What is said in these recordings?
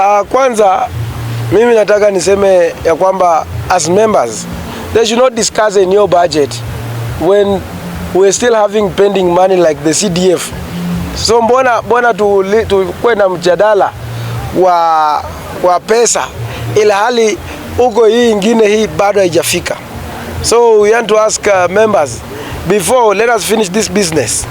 Uh, kwanza mimi nataka niseme ya kwamba as members they should not discuss a new budget when are still having pending money like the CDF. So mbona mbona tukwe na mjadala wa, wa pesa ila hali huko hii ingine hii bado haijafika. So we want to ask uh, members before let us finish this business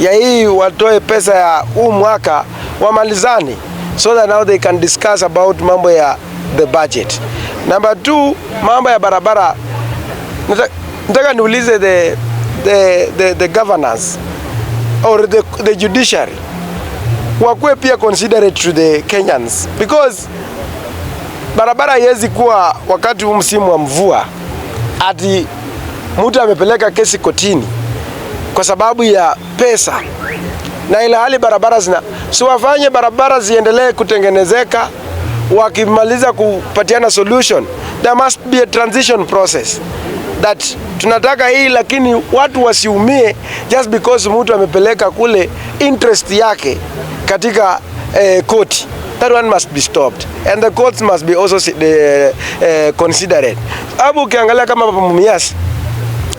ya hii watoe pesa ya huu mwaka wamalizani so that now they can discuss about mambo ya the budget. Number two, mambo ya barabara nataka niulize the, the, the, the governors or the, the judiciary wakuwe pia considerate to the Kenyans because barabara haiwezi kuwa wakati huu msimu wa mvua ati mtu amepeleka kesi kotini kwa sababu ya pesa na ila hali barabara zina, siwafanye barabara ziendelee kutengenezeka. Wakimaliza kupatiana solution, there must be a transition process that tunataka hii, lakini watu wasiumie just because mtu amepeleka kule interest yake katika eh, court. That one must be stopped and the courts must be also uh, uh, considered. Abu, ukiangalia kama Mumias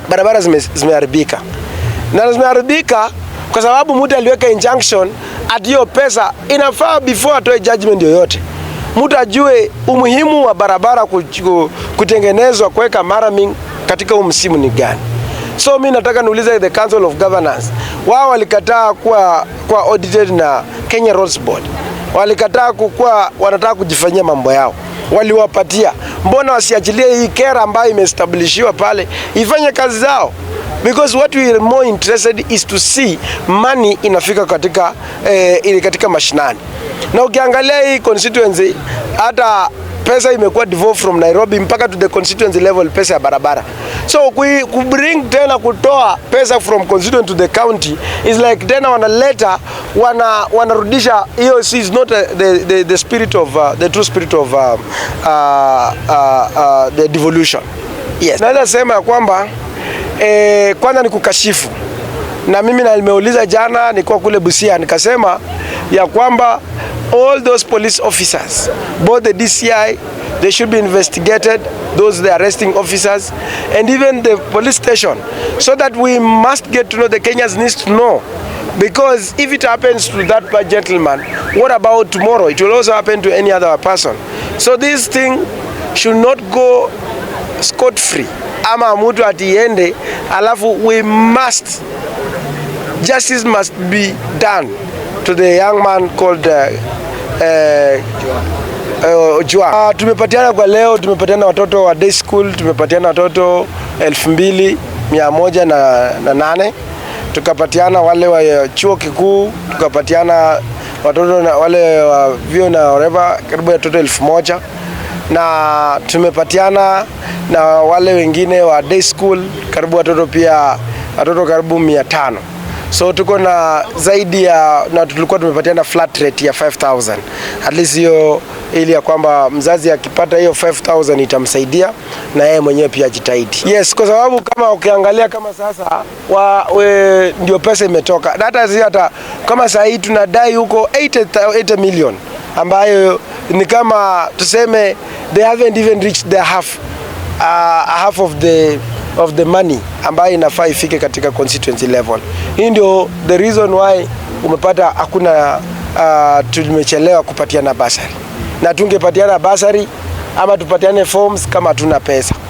barabara zimeharibika zime na zimeharibika kwa sababu mtu aliweka injunction atiyo pesa, inafaa before atoe judgment yoyote mtu ajue umuhimu wa barabara kutengenezwa kuweka maraming katika huu msimu ni gani. So mi nataka niulize the Council of Governance, wao walikataa kuwa, kwa audited na Kenya Roads Board, walikataa kukuwa wanataka kujifanyia mambo yao waliwapatia, mbona wasiachilie hii kera ambayo imeestablishiwa pale ifanye kazi zao? because what we are more interested is to see money inafika katika, eh, ili katika mashinani. Na ukiangalia hii constituency hata pesa imekuwa devolved from Nairobi mpaka to the constituency level, pesa ya barabara. So ku bring tena kutoa pesa from constituent to the county is like tena wanaleta wana wanarudisha. Hiyo is not a, the, the, the spirit of uh, the true spirit of uh, uh, uh, uh, the devolution. Yes, naweza sema ya kwamba E, kwanza ni kukashifu na mimi na nimeuliza jana, nilikuwa kule Busia nikasema ya kwamba all those police officers both the DCI they should be investigated those the arresting officers and even the police station so that we must get to know the Kenyans needs to know because if it happens to that gentleman what about tomorrow it will also happen to any other person so this thing should not go scot-free ama mtu atiende, alafu we must justice must be done to the young man called uh, uh, uh, Jua. Uh, ah, tumepatiana kwa leo, tumepatiana watoto wa day school, tumepatiana watoto elfu mbili mia moja na, na nane tukapatiana wale wa uh, chuo kikuu tukapatiana watoto na wale wa vyuo na oreva karibu ya watoto elfu moja na tumepatiana na wale wengine wa day school karibu watoto pia watoto karibu mia tano so tuko na zaidi ya na tulikuwa tumepatiana flat rate ya 5000 at least hiyo, ili ya kwamba mzazi akipata hiyo 5000 itamsaidia na yeye mwenyewe pia ajitahidi. Yes, kwa sababu kama ukiangalia kama sasa wa, we, ndio pesa imetoka hata hata kama sasa hii tunadai huko 8 million ambayo ni kama tuseme they haven't even reached the half, uh, half of the of the money ambayo inafaa ifike katika constituency level. Hii ndio the reason why umepata hakuna uh, tumechelewa kupatiana basari, na tungepatiana basari ama tupatiane forms kama hatuna pesa.